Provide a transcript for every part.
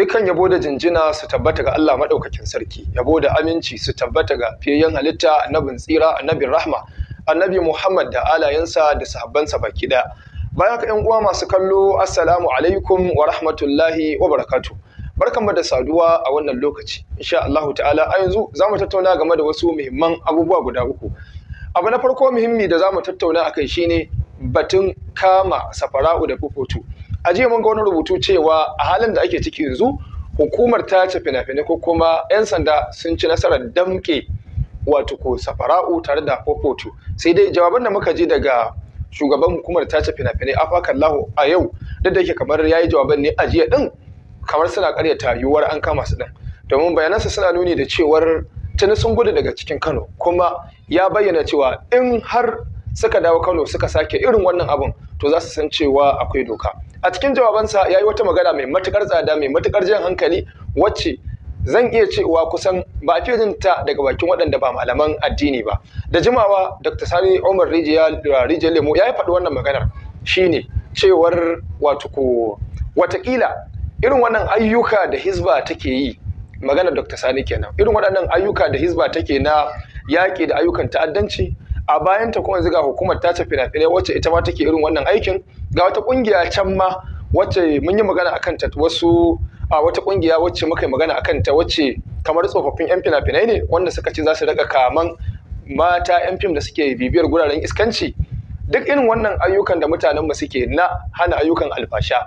dukkan yabo da jinjina su tabbata ga Allah maɗaukakin sarki yabo da aminci su tabbata ga fiyayyen halitta annabin tsira annabin rahma annabi Muhammad da alayensa da sahabbansa baki ɗaya bayan ka ƴan uwa masu kallo assalamu alaikum wa rahmatullahi wa barakatuh barkanmu da saduwa a wannan lokaci insha Allah ta'ala a yanzu zamu tattauna game da wasu muhimman abubuwa guda uku abu na farko muhimmi da zamu tattauna akai shine batun kama safara'u da fufutu a jiya mun ga wani rubutu cewa a halin da ake ciki yanzu hukumar ta ce fina-finai ko kuma 'yan sanda sun ci nasarar damke wato ko safara'u tare da popoto sai dai jawaban da muka ji daga shugaban hukumar ta ce fina-finai afakallahu a yau duk da yake kamar yayi jawaban ne a jiya din kamar suna karyata yiwuwar an kama su din domin bayanansa suna nuni da cewar tuni sun gudu daga cikin Kano kuma ya bayyana cewa in har suka dawo Kano suka sake irin wannan abin to za su san cewa akwai doka a cikin jawabansa ya yi wata magana mai matuƙar tsada mai matuƙar jan hankali wacce zan iya cewa kusan ba a fiye ta daga bakin waɗanda ba malaman addini ba da jimawa dr sani umar Rijiya lemo ya yi faɗi wannan maganar shine cewar wato ko watakila irin wannan ayyuka da hizba take yi maganar dr sani kenan irin waɗannan ayyuka da hisba take na yaƙi da ayyukan ta'addanci a bayanta kuma yanzu hukumar tace fina-finai wacce ita ma take irin wannan aikin ga wata kungiya can ma wacce mun yi magana akan ta wasu a wata kungiya wacce muka yi magana akan ta wacce kamar tsofaffin yan fina ne wanda suka ce za su rika kaman mata yan fim da suke bibiyar guraren iskanci duk irin wannan ayyukan da mutanen mu suke na hana ayyukan alfasha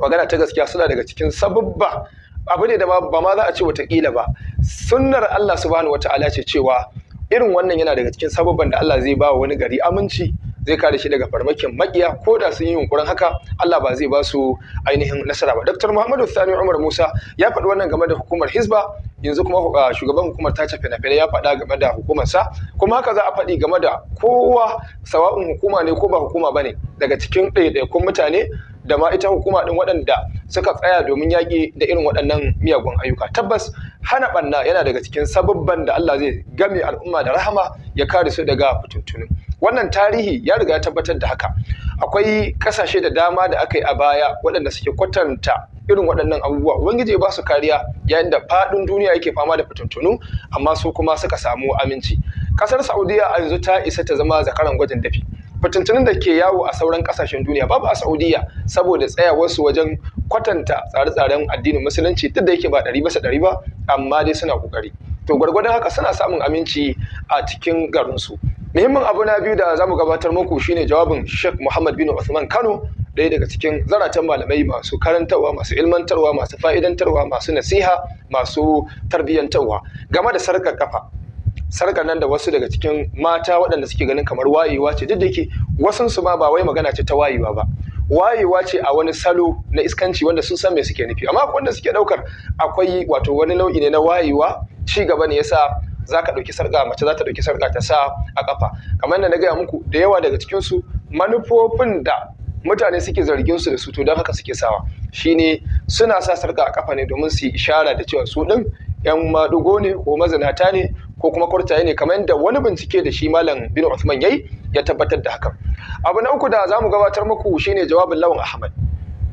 magana ta gaskiya suna daga cikin sababba abu ne da ba ma za a ce watakila ba sunnar Allah subhanahu wataala ce cewa irin wannan yana daga cikin sababan da Allah zai ba wa wani gari aminci zai kare shi daga farmakin maƙiya ko da sun yi yunkurin haka Allah ba zai ba su ainihin nasara ba Dr. Muhammadu Sani Umar Musa ya faɗi wannan game da hukumar Hisba. yanzu kuma uh, shugaban hukumar tace fina-finai ya faɗa game da hukumarsa kuma haka za a faɗi game da kowa sawa'un hukuma ne ko ba hukuma ba ne daga cikin ɗaiɗaikun mutane da ma ita hukuma ɗin waɗanda suka tsaya domin yaƙi da irin waɗannan miyagun ayyuka tabbas hana ɓanna yana daga cikin sababban da Allah zai game al'umma da rahama ya kare su daga fitintunu wannan tarihi ya riga ya tabbatar da haka akwai ƙasashe da dama da aka yi a baya waɗanda suke kwatanta irin waɗannan abubuwa ubangiji ba su kariya yayin da faɗin duniya yake fama da fitintunu amma su kuma suka samu aminci ƙasar saudiya a yanzu ta isa ta zama zakaran gwajin dafi fitintunun da ke yawo a sauran ƙasashen duniya babu a saudiya saboda tsayawarsu wajen kwatanta tsare-tsaren addinin musulunci duk da yake ba ɗari bisa ɗari ba amma dai suna ƙoƙari to gwargwadon haka suna samun aminci a cikin garinsu muhimmin abu na biyu da za mu gabatar muku shine jawabin sheikh muhammad bin usman kano ɗaya daga cikin zaratan malamai masu karantarwa masu ilmantarwa masu fa'idantarwa masu nasiha masu tarbiyyantarwa game da sarkar kafa sarkar nan da wasu daga cikin mata waɗanda suke ganin kamar wayewa ce duk da ke wasun su ma ba wai magana ce ta wayewa ba wayewa ce a wani salo na iskanci wanda sun san me suke nufi amma wanda suke ɗaukar akwai wato wani nau'i ne na wayewa ci gaba ne yasa za ka ɗauki sarƙa mace za ta ɗauki sarƙa ta sa a ƙafa kamar yadda na gaya muku da yawa daga cikinsu manufofin da mutane suke zargin su da su to don haka suke sawa shine suna sa sarka a kafa ne domin su yi ishara da cewa su din yan madugo ne ko mazinata ne ko kuma kwartaye ne kamar yadda wani bincike da shi malam bin Uthman yayi ya tabbatar da hakan abu na uku da zamu gabatar muku shine jawabin lawan Ahmad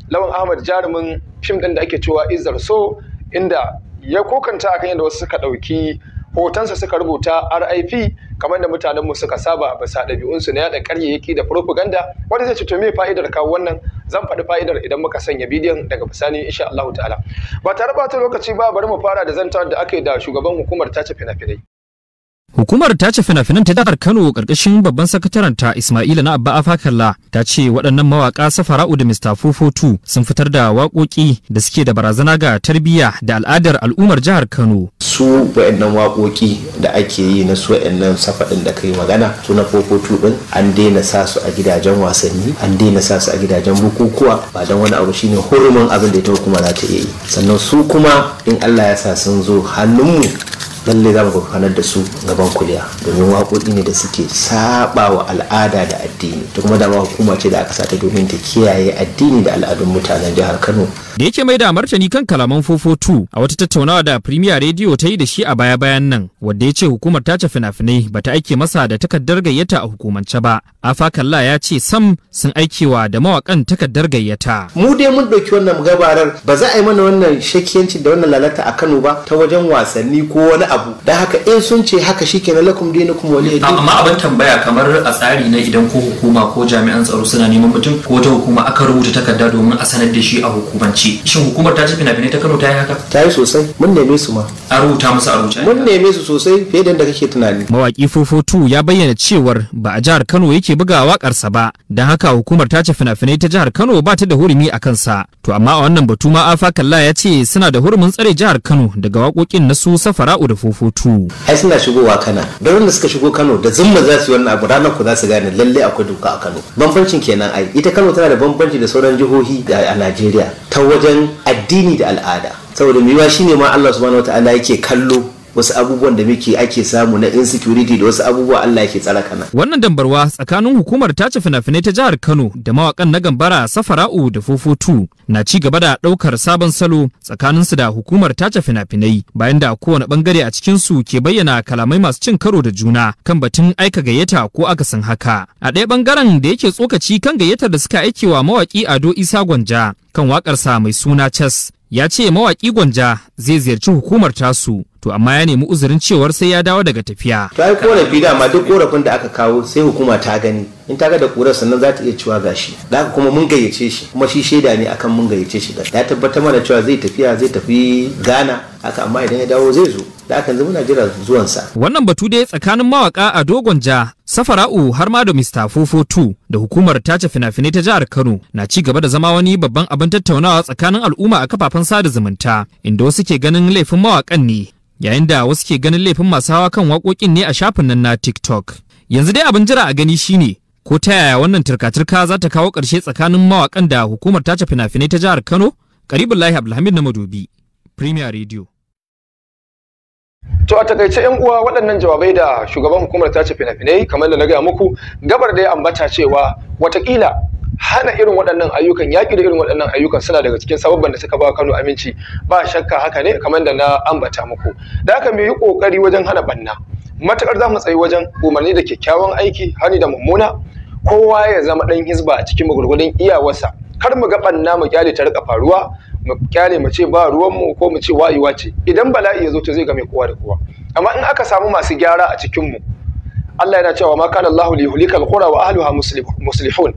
lawan Ahmad jarumin fim din da ake cewa Izzar so inda ya kokanta akan yadda wasu suka dauki hotonsa suka rubuta RIP kamar da mutanen mu suka saba ɗabi'un ɗabi'unsu na yaɗa ƙaryayyaki da propaganda wanda zai ci to me fa'idar kawo wannan zan faɗi fa'idar idan muka sanya bidiyon daga bisani insha Allah ta'ala ba tare ba lokaci ba bari mu fara da zantar da ake da shugaban hukumar tace fina-finai Hukumar ta ce fina-finan ta jihar Kano karkashin babban sakataren ta Ismaila na Abba Afakalla ta ce waɗannan mawaƙa Safara'u da Mr. Fofotu sun fitar da waƙoƙi da suke da barazana ga tarbiyya da al'adar al'ummar jihar Kano. Su waɗannan waƙoƙi da ake yi na su waɗannan safaɗin da kai magana su na Fofotu ɗin an daina sa su a gidajen wasanni an daina sa su a gidajen bukukuwa ba don wani abu shine hurumin abin da ita hukuma za ta yi sannan su kuma in Allah ya sa sun zo hannunmu lalle za mu gurfanar da su gaban kuliya domin waƙoƙi ne da suke saba wa al'ada da addini ta kuma dama hukuma ce da aka sata domin ta kiyaye addini da al'adun mutanen jihar Kano. Da yake mai da martani kan kalaman 442 a wata tattaunawa da Premier Radio ta yi da shi a baya-bayan nan wanda ya ce hukumar ta ce fina-finai ta aike masa da takardar gayyata a hukumance ba. Afa Kalla ya ce sam sun aikewa da mawakan takardar gayyata. Mu dai mun ɗauki wannan gabarar ba za a yi mana wannan shakiyancin da wannan lalata a Kano ba ta wajen wasanni ko wani abu abu da haka in sun ce haka shi shikenan lakum dinukum waliy amma abin tambaya kamar a tsari na idan ko hukuma ko jami'an tsaro suna neman mutum ko ta hukuma aka rubuta takarda domin a sanar da shi a hukumance shin hukumar ta ci fina-finai ta Kano ta yi haka ta yi sosai mun neme su ma a rubuta musu a rubuta mun neme su sosai fiye da kake tunani mawaki fofotu ya bayyana cewar ba a jihar Kano yake buga wakarsa ba don haka hukumar ta ci fina-finai ta jihar Kano ba ta da hurumi a kansa to amma a wannan batu ma afa kalla ya ce suna da hurumin tsare jihar Kano daga waƙoƙin na su safara'u da 442. Ai suna shigowa kana. Da wanda suka shigo Kano da zumma za su yi wannan abu ranar ku za su gane lalle akwai doka a Kano. Bambancin kenan ai ita Kano tana da bambanci da sauran jihohi a Najeriya ta wajen addini da al'ada. Saboda miwa shine ma Allah subhanahu wataala yake kallo wasu abubuwan da muke ake samu na insecurity da wasu abubuwa Allah yake tsara kana. Wannan dambarwa tsakanin hukumar tace fina-finai ta jihar Kano da mawakan na gambara Safara'u da Fofotu na ci gaba da ɗaukar sabon salo tsakanin su da hukumar tace fina-finai bayan da kowane bangare a cikin su ke bayyana kalamai masu cin karo da juna kan batun aika gayyata ko akasin haka. A ɗaya bangaren da yake tsokaci kan gayyatar da suka aike wa mawaki Ado Isa Gwanja kan waƙarsa mai suna Chess ya ce mawaƙi gwanja zai ziyarci hukumar tasu to amma ya nemi uzurin cewar sai ya dawo daga tafiya. Ta yi korafi dama duk korafin da aka kawo sai hukuma ta gani in ta ga da ƙurar sannan za ta iya cewa gashi da haka kuma mun gayyace shi kuma shi shaida ne akan mun gayyace shi da ya tabbatar mana cewa zai tafiya zai tafi Ghana haka amma idan ya dawo zai zo da aka yanzu muna jira zuwansa. Wannan batu dai tsakanin mawaka a dogon ja Safara'u har ma da Mr. 442 da hukumar tace fina-finai ta jihar Kano na ci gaba da zama wani babban abin tattaunawa tsakanin al'umma a kafafen sada zumunta inda wasu ke ganin laifin mawakan ne yayin da wasu ke ganin laifin masu hawa kan waƙoƙin ne a shafin nan na TikTok. Yanzu dai abin jira a gani shine ko ta yaya wannan turka-turka za ta kawo ƙarshe tsakanin mawakan da hukumar tace fina-finai ta jihar Kano? Karibin Lahi Abdulhamid na Madobi. Premier Radio. To a takaice yan uwa waɗannan jawabai da shugaban hukumar tace fina-finai kamar da na gaya muku gabar da ya ambata cewa watakila hana irin waɗannan ayyukan yaƙi da irin waɗannan ayyukan suna daga cikin sababban da suka ba Kano aminci ba shakka haka ne kamar da na ambata muku da haka mu yi ƙoƙari wajen hana banna matakar za mu tsayi wajen umarni da kyakkyawan aiki hani da mummuna kowa ya zama ɗan hizba a cikin gurgurdan iyawarsa kar mu ga banna mu kyale ta rika faruwa mu kyale mu ce ba ruwan mu ko mu ce wayewa ce idan bala'i ya zo ta zai mai kowa da kowa amma in aka samu masu gyara a cikin mu Allah yana cewa ma kana Allahu li yuhlikal qura wa ahliha muslihun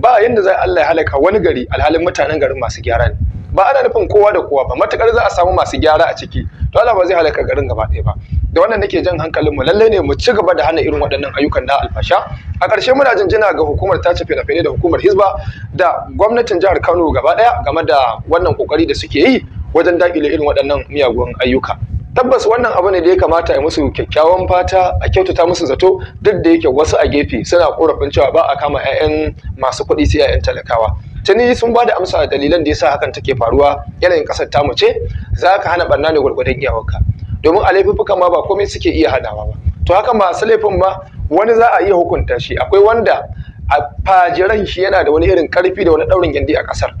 ba yanda zai Allah ya halaka wani gari alhalin mutanen garin masu gyara ne ba ana nufin kowa da kowa ba matakar za a samu masu gyara a ciki to Allah ba zai halaka garin gaba ɗaya ba da wannan nake jan hankalin mu lallai ne mu ci gaba da hana irin waɗannan ayyukan na alfasha a ƙarshe muna jinjina ga hukumar tace fina-finai da hukumar hizba da gwamnatin jihar kano gaba ɗaya game da wannan kokari da suke yi wajen dakile irin waɗannan miyagun ayyuka tabbas wannan abu ne da ya kamata a musu kyakkyawan fata a kyautata musu zato duk da yake wasu a gefe suna korafin cewa ba a kama 'ya'yan masu kuɗi sai 'ya'yan talakawa tuni sun ba da amsa dalilan da yasa hakan take faruwa yanayin ƙasar tamu ce za ka hana barna ne gwargwadon iyawarka domin a laifuka ma ba komai suke iya hadawa ba to haka masu laifin ma wani za a iya hukunta shi akwai wanda a fajiran shi yana da wani irin karfi da wani ɗaurin gindi a ƙasar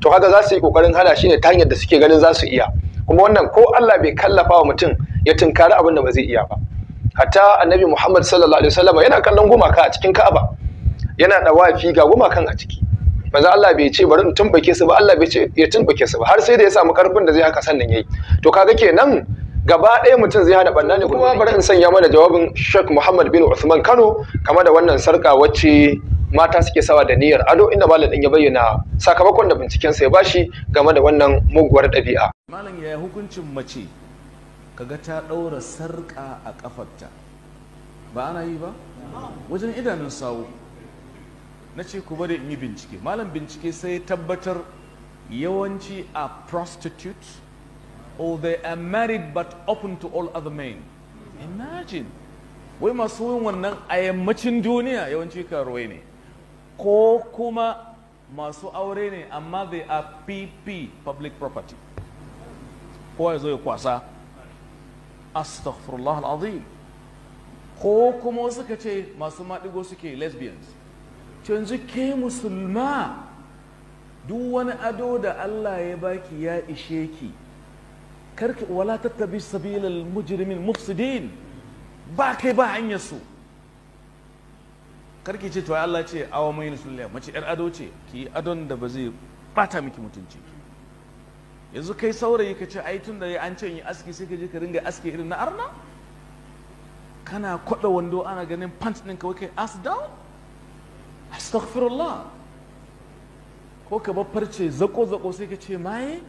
to haka za su yi ƙoƙarin hana shi ne ta hanyar da suke ganin za su iya kuma wannan ko Allah bai kallafa wa mutum ya tunkari abin da ba zai iya ba hatta annabi Muhammad sallallahu alaihi wasallam yana kallon gumaka a cikin Ka'aba yana da wafi ga gumakan a ciki manzo Allah bai ce bari in tumbake su ba Allah bai ce ya tumbake su ba har sai da ya samu karfin da zai haka sannan yayi to kaga kenan gaba ɗaya mutum zai hada ɓanna ne kuma bari in sanya mana jawabin Sheikh Muhammad bin Usman Kano kama da wannan sarka wacce mata suke sawa da niyyar ado inda malam din ya bayyana sakamakon da binciken sa ya bashi game da wannan muguwar ɗabi'a. Malam ya hukuncin mace kaga ta ɗaura sarƙa a ƙafarta ba ana yi ba wajen idanun sawu na ce ku bari in yi bincike malam bincike sai tabbatar yawanci a prostitute or they are married but open to all other men imagine wai masu yin wannan a yammacin duniya yawanci karuwai ne ko kuma masu aure ne amma they are pp public property kowa ya zo ya kwasa astaghfirullah al'azim ko kuma wasu ka ce masu maɗigo suke lesbians canzu ke musulma duk wani ado da allah ya baki ya ishe ki karki wala tattabi sabilal mujrimin mufsidin ba kai ba hanyar su karki ce to Allah ce awa mai nusulliya mace yar ado ce ki adon da ba zai bata miki mutunci yanzu kai saurayi ka ce ai tun da an ce yi aski sai ka je ka ringa aski irin na arna kana kwada wando ana ganin pants din kawai kai ass down astaghfirullah ko ka bar farce zako zako sai ka ce maye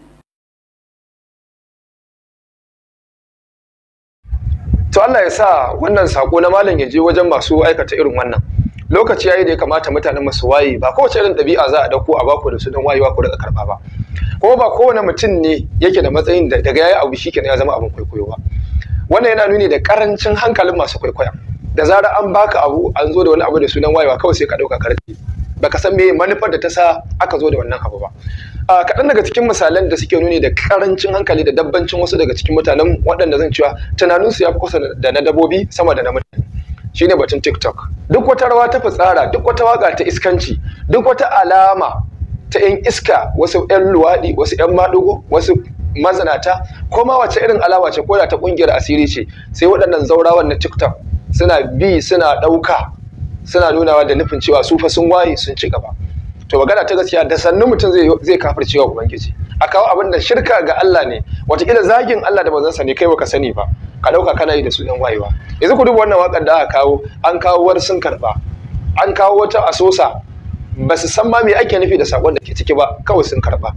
to Allah ya sa wannan sako na malam ya je wajen masu aikata irin wannan lokaci yayi da ya kamata mutanen masu waye ba kowace irin ɗabi'a za a dauko a baku da su don wayewa ku da karba ba kuma ba kowane mutum ne yake da matsayin da daga yayi abu ne ya zama abin kwaikwayo ba wannan yana nuni da karancin hankalin masu kwaikwaya da zarar an baka abu an zo da wani abu da sunan wayewa kawai sai ka dauka karfi baka san meye manufar da ta sa aka zo da wannan abu ba kaɗan daga cikin misalan da suke nuni da karancin hankali da dabbancin wasu daga cikin mutanen waɗanda zan cewa tunaninsu ya fi kusa da na dabobi sama da na mutane shine batun tiktok duk wata rawa ta fitsara duk wata waka ta iskanci duk wata alama ta yan iska wasu yan luwaɗi wasu yan maɗugo wasu mazanata ko ma wace irin alama ce ko da ta ƙungiyar asiri ce sai waɗannan zaurawan na tiktok suna bi suna ɗauka suna nunawa da nufin cewa su fa sun waye sun ci gaba to magana ta gaskiya da sannu mutum zai zai kafircewa ubangiji a kawo abin da shirka ga Allah ne wataƙila zagin Allah da bazan sani kai baka sani ba ka dauka kana yi da su ɗan wayewa yanzu ku duba wannan waƙar da aka kawo an kawo wani sun karɓa an kawo wata asosa ba su san ma me ake nufi da sakon da ke ciki ba kawai sun karɓa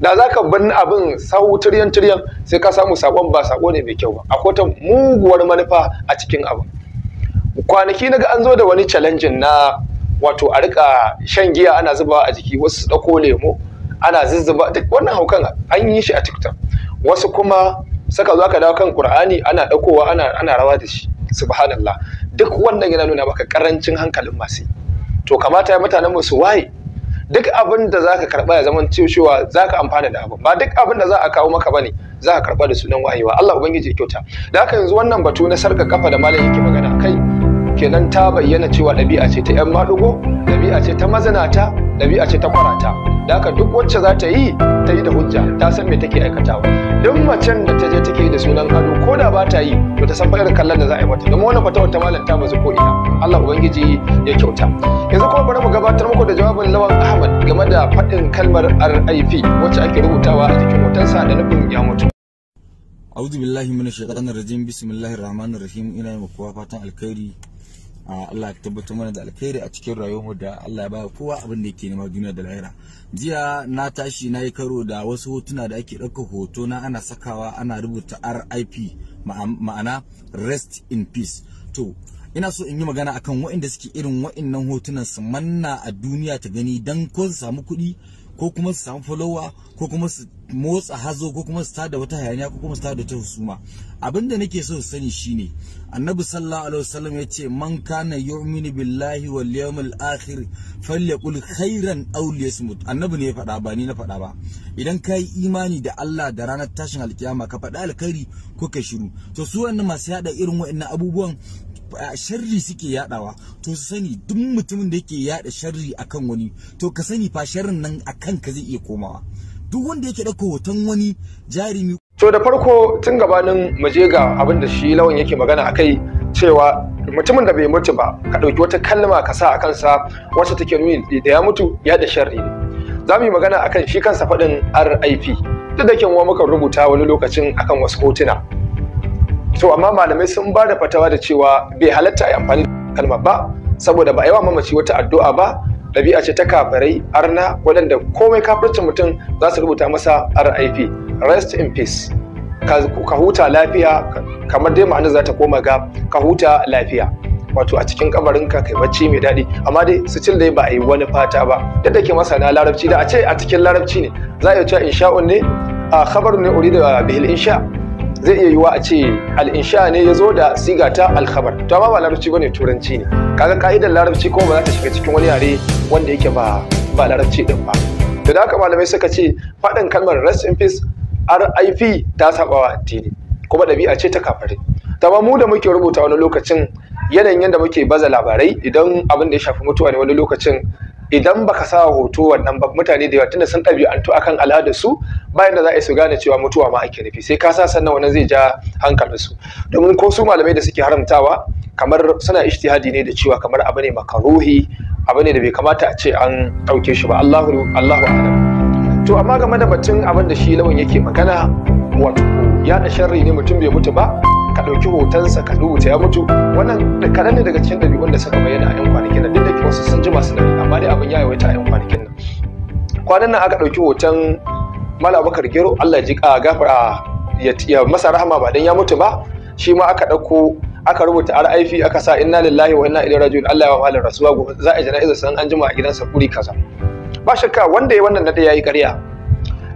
da za ka bin abin sahu tiryan tiryan sai ka samu sakon ba sako ne mai kyau ba akwai ta muguwar manufa a cikin abin kwanaki na ga an zo da wani challenging na wato a rika shan giya ana zuba a jiki wasu su dauko lemo ana zuzzuba duk wannan haukan an yi shi a TikTok wasu kuma saka zo aka dawo kan Qur'ani ana daukowa ana ana rawa da shi subhanallah duk wannan yana nuna maka karancin hankalin masu to kamata ya mutanen mu su waye duk abin da zaka karba ya zaman cewa zaka amfana da abin ba duk abin da za a kawo maka bane za ka karba da sunan wayewa Allah ubangiji ya kyauta da haka yanzu wannan batu na sarka kafa da malam yake magana kai kenan ta bayyana cewa ɗabi'a ce ta 'yan maɗugo ɗabi'a ce ta mazanata, ɗabi'a ce ta kwarata da haka duk wacce za ta yi ta yi da hujja ta san me take aikatawa duk macen da ta je take yi da sunan ado ko da ba ta yi ba ta san fa irin kallon da za a yi mata domin wannan fatawar ta malam ta bazu ko ina Allah ubangiji ya kyauta yanzu kuma bari mu gabatar muku da jawabin Lawan Ahmad game da faɗin kalmar RIP wacce ake rubutawa a jikin hotonsa da nufin ya mutu A'udhu billahi minash shaitanir rajim bismillahir rahmanir rahim ina yi kowa fatan alkhairi Allah ya tabbatar mana da alkhairi a cikin rayuwarmu da Allah ya ba kowa abin da yake nema duniya da lahira jiya na tashi na yi karo da wasu hotuna da ake ɗauka hoto na ana sakawa ana rubuta RIP ma'ana rest in peace to ina so in yi magana akan waɗanda suke irin waɗannan hotunan su manna a duniya ta gani dan ko su samu kuɗi ko kuma su samu follower ko kuma su motsa hazo ko kuma su tada wata hayaniya ko kuma su tada wata husuma abinda nake so su sani shine annabi sallallahu alaihi wasallam ya ce man kana yu'minu billahi wal yawmil akhir falyaqul khairan aw liyasmut annabi ne ya faɗa ba ni na faɗa ba idan kai imani da Allah da ranar tashin alkiyama ka faɗa alkhairi ko ka shiru to su wannan masu yada irin waɗannan abubuwan sharri suke yadawa to su sani duk mutumin da yake yada sharri akan wani to ka sani fa sharrin nan akan ka zai iya komawa duk wanda yake dauko hoton wani jarumi to da farko tun gabanin mu je ga abin da shi lawan yake magana akai cewa mutumin da bai mutu ba ka dauki wata kalma ka sa a kansa wacce take nuni da ya mutu ya da sharri za mu yi magana akan shi kansa faɗin RIP duk da kyanwa muka rubuta wani lokacin akan wasu hotuna to amma malamai sun ba da fatawa da cewa bai halatta a amfani da kalma ba saboda ba a yi wa mamaci wata addu'a ba ɗabi'a ce ta kafirai arna waɗanda komai kafircin mutum za su rubuta masa rip rest in peace ka huta lafiya kamar dai ma'anar za ta koma ga ka huta lafiya wato a cikin kabarinka kai bacci mai daɗi amma dai cin dai ba a yi wani fata ba duk da ke masana larabci da a ce a cikin larabci ne za a yi cewa insha'un ne a khabar ne da bihil insha' zai iya yiwa a ce al'insha ne ya zo da siga ta alkhabar to amma ba larabci bane turanci ne kaga ka'idar larabci kuma ba za ta shiga cikin wani yare wanda yake ba ba larabci din ba to da haka malamai suka ce faɗin kalmar rest in peace RIP ta sabawa wa addini kuma ɗabi'a ce ta kafare to amma mu da muke rubuta wani lokacin yanayin yadda muke baza labarai idan abin da ya shafi mutuwa ne wani lokacin idan baka sa hoto wannan ba mutane da yawa tunda sun ɗabi'antu akan al'adar su bayan da za a su gane cewa mutuwa ma ake nufi sai ka sa sannan wannan zai ja hankalin su domin ko su malamai da suke haramtawa kamar suna ijtihadi ne da cewa kamar abu ne makaruhi abu ne da bai kamata a ce an ɗauke shi ba Allahu Allahu a'lam to amma game da batun abin da shi lawan yake magana wato ya da sharri ne mutum bai mutu ba ka ɗauki hotonsa ka rubuta ya mutu wannan kaɗan ne daga cikin ɗabi'un da suka bayyana a 'yan kwanakin nan duk da wasu sun jima masu yi amma dai abin ya yawaita a 'yan kwanakin nan kwanan nan aka ɗauki hoton malam bakar gero allah ji a gafara ya masa rahama ba dan ya mutu ba shi ma aka ɗauko aka rubuta RIP aka sa inna lillahi wa inna ilaihi raji'un Allah ya wahala rasuwa za a jana'izar san an jima a gidansa kuri kaza ba shakka wanda ya wannan nada yayi ƙarya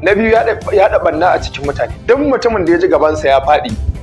na biyu ya da banna a cikin mutane duk mutumin da ya ji gabansa ya faɗi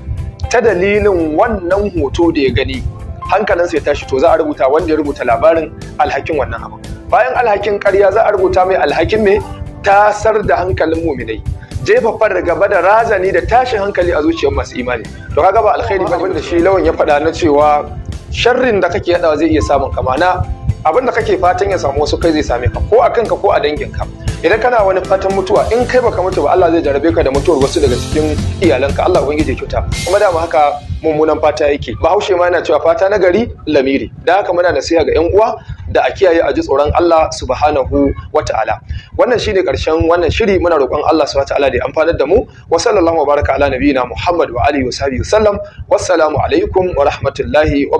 ta dalilin wannan hoto da ya gani hankalinsa ya tashi to za a rubuta wanda ya rubuta labarin alhakin wannan abu bayan alhakin karya za a rubuta mai alhakin mai tasar da hankalin muminai jefa far gaba da razani da tashin hankali a zuciyar masu imani to kaga ba alkhairi ba da shi lawan ya faɗa na cewa sharrin da kake yadawa zai iya samun kamana abin da kake fatan ya samu wasu kai zai same ka ko a kanka ko a dangin ka. idan kana wani fatan mutuwa in kai baka mutu ba Allah zai jarabe ka da mutuwar wasu daga cikin iyalanka Allah ubangiji kyauta kuma da haka mummunan fata yake bahaushe ma yana cewa fata na gari lamiri da haka muna nasiha ga yan uwa da a kiyaye a ji tsoron Allah subhanahu wata'ala wannan shine karshen wannan shiri muna roƙon Allah subhanahu wata'ala da ya amfanar da mu wa sallallahu baraka ala nabiyina Muhammad wa alihi wa sahbihi wasallam wassalamu alaikum wa rahmatullahi wa